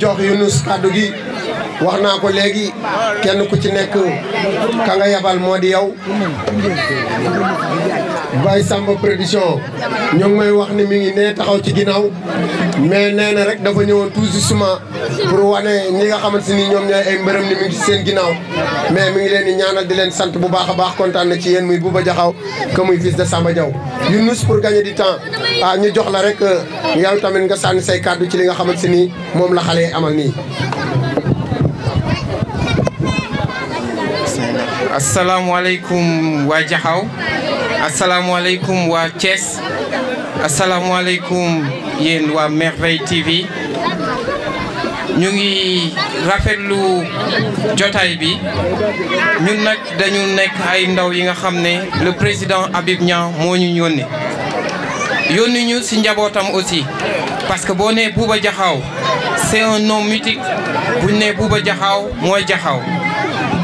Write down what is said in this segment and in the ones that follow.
jox Yunus kàddu gi wax naa ko léegi kenn ku ci nekk ka nga yabal moo di yow Baye Samba production ñoo ngi may wax ni mi ngi nee taxaw ci ginnaaw mais nee na rek dafa ñëwoon tout suma pour wane ni nga xamante ni ñoom ñooy ay mbërëm ni mi seen ginnaaw mais mi ngi leen di ñaanal di leen sant bu baax a baax kontaan ci yéen muy Bouba Diakhao que muy fils de Samba Diaw Younous pour gagner di temps ah ñu jox la rek euh, yow tamit nga sànni say kàddu ci li nga xamante ni moom la xale amal nii asalaamualeykum Assalamu alaikum wa wa Assalamu alaikum yen wa Merveille TV ñu ngi rafetlu jotaay bi ñun nak dañu nek ay ndaw yi nga xamné le président Habib Niang mo ñu yónni ñu aussi parce que bonne nee Bouba c'est un nom mythique bu né Bouba Diakhao moy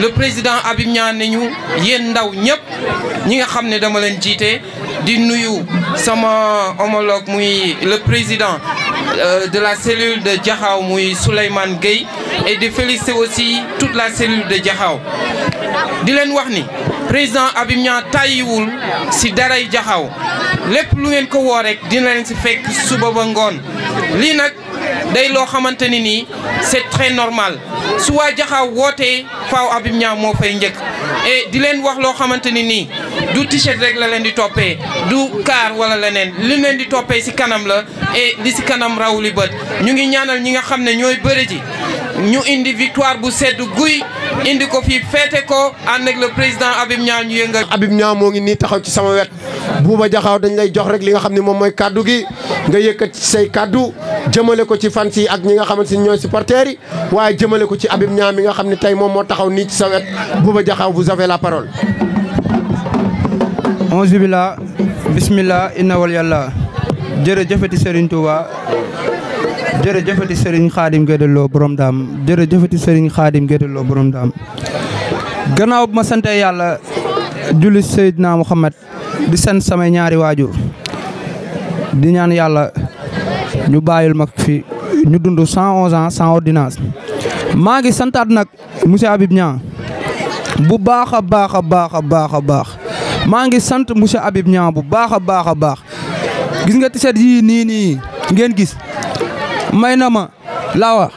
le président Habib Niang ne ñu yéen ndaw ñëpp ñi nga xam ne dama leen jiite di nuyu sama homologue muy le président euh, de la cellule de jaxaw muy Souleymane Gueye et de féliciter aussi toute la cellule de jaxaw di leen wax ni président Habib Niang tàyyiwul si daray jaxaw lépp lu ngeen ko woo rek dina leen si fekk suba ba ngoon lii nag day loo xamante ne nii c'est très normal su waa jaxaaw wootee faw Habib ñaa moo fay njëkk et di leen wax loo xamante ne nii du t rek la leen di toppee du kaar wala leneen li leen di toppee ci kanam la di li ci kanam raw li bët ñu ngi ñaanal ñi nga xam ne ñooy bëri ñu indi victoire bu sedd guy indi ko fii feete ko ànd ak le président Habib ñaa ñu yëngal. Habib Niang moo ngi nii taxaw ci sama wet buuba jaxaw dañ lay jox rek li nga xam ne moom mooy kaddu gi nga yëkkat ci say kaddu. jëmale ko ci fans yi ak ñi nga xamante ni ñooy supporters yi waaye jëmale ko ci Habib Niang mi nga xam ne tey moom moo taxaw ni ci sawet wet Bouba jaxaw vous avez la parole. onze bila bismillah inna wal yàlla jërëjëfati Serigne Touba jërëjëfati Serigne Khadim Gueye Lo borom daam jërëjëfati Serigne Khadim daam gannaaw ma sant yàlla julli Seydina Muhammad di sant samay ñaari waajur di ñaan yàlla ñu bàyyil mak fi ñu dundu 111 ans sans ordinance ma ngi santat nak monsieur Habib Niang bu baakha baakha baakha baakha baax ma ngi sante monsieur Habib Niang bu baakha baakha baax gis nga tiset yi ni ni ngeen gis maynama la wax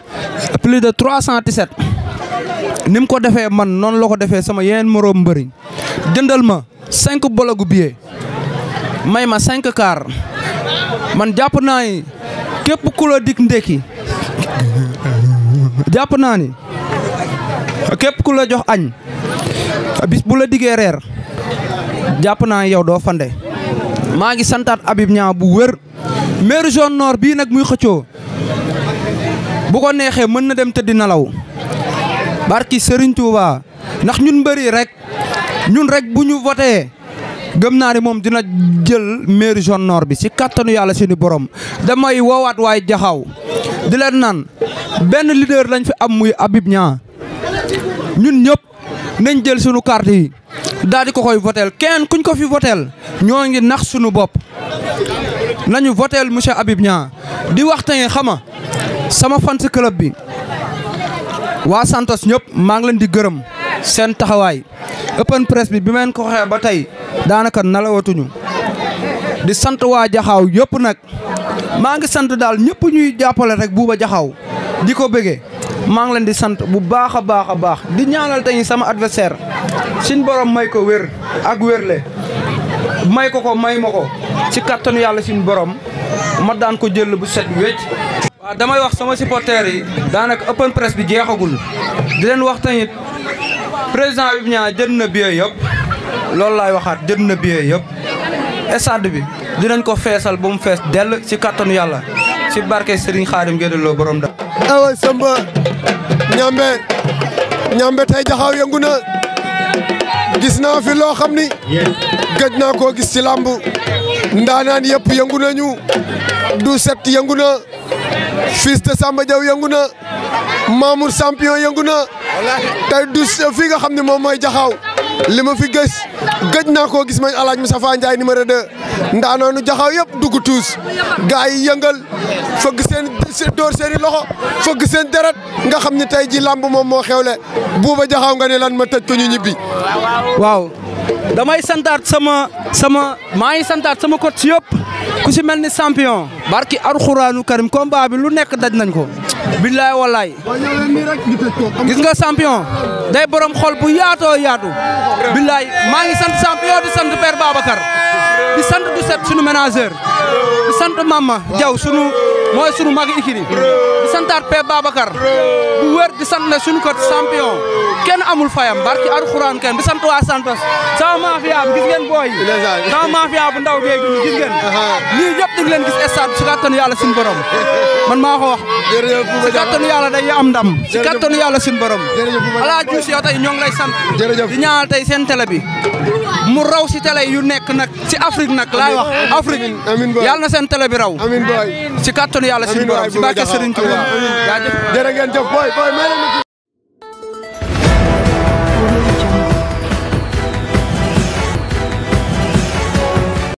plus de 300 cent tiset ko defé man non la ko defé sama yeen morom mbeuri jëndal ma 5 bologu billet mayma 5 car man japp naa képp ku la dig ndékki jàpp naa ni képp ku la jox añ bis bu la digee reer jàpp naa yow doo fande maa ngi santaat Habib Niang bu wër maire zone nord bii nag muy xëccoo bu ko neexee mën na dem tëddi nalaw barki Serigne Touba ndax ñun mbëri rek ñun rek bu ñu voté gëm na ni moom dina jël maire zone nord bi ci katanu yalla seen borom damay wowat way jaxaw di len nan ben leader lañ fi am muy abib nya ñun ñep nañ jël suñu carte yi daal di ko koy votel ken kuñ ko fi votel ñoo ngi nax suñu bop nañu votel monsieur abibnya nya di waxtaan xama sama fans club bi wa Santos ñep ma ngi len di gëreum seen taxaway open press bi bi meen ko xé ba tay danaka nalawatuñu di sante wa jaxaw yop nak ma nga sante dal ñepp ñuy jappale rek buuba jaxaw diko bege ma nga len di sante bu baaxa baaxa baax di ñaanal tay sama adversaire suñ borom may ko wër ak wérle may ko ko may mako ko ci carton yalla suñ borom ma daan ko jël bu set wécc wa damay wax sama supporter. yi danaka open press bi jeexagul di len wax tay président bi ñaa jënd na Lolai lay waxat jënd na billet yëpp stade bi dinañ ko fessal bu mu fess del ci carton yalla ci barke Serigne Khadim Gueye Lo borom da ay Samba ñambe ñambe tay jaxaw yëngu na gis naa fi lo xamni ni ko gis ci lamb ndaanaan yëpp yëngu ñu du set yëngu fils de Samba jaw yëngu Mamour champion yëngu tay du fi nga xamni mom moy jaxaw li ma fi gës gëj naa ko gis mañ alaaj Moustapha Ndiaye numéro 2 ndaanoonu jaxaw yëpp dugg tuus gaa yi yëngal fëgg seen dóor seen i loxo fëgg seen deret nga xam ni tey ji lamb moom moo xewle buuba jaxaw nga ne lan ma tëj ko ñu ñibbi waaw damay santaat sama sama maa ngi santaat sama coach yëpp ku si mel ni champion barki alxuraanu karim combat bi lu nekk daj nañ ko billaay wallaay gis nga champion day borom xol bu yaatoo yaatu billaay maa ngi sant champion di sant père Babacar di sant du set sunu ménageur di sant mama Diaw sunu mooy sunu mag ikiri santaat pe babakar bu wer di sant na suñu kot champion ken amul fayam barki alquran ken di sant wa Santos sama mafia bi gis ngeen boy sama mafia bu ndaw ni gis ngeen ni ñëpp di ngeen gis stade ci katon yalla suñu borom man maa wax ci katon yalla day am ndam ci katon yalla suñu borom ala juus yow tay ñong lay sant di ñaal tay sen tele bi mu raw si tele yu nekk nak si Afrique nak lay wax Afrique yalla na sen tele bi raw ci katon yalla suñu borom ci barke Serigne Touba jërë ngeen jëf booy booy may leen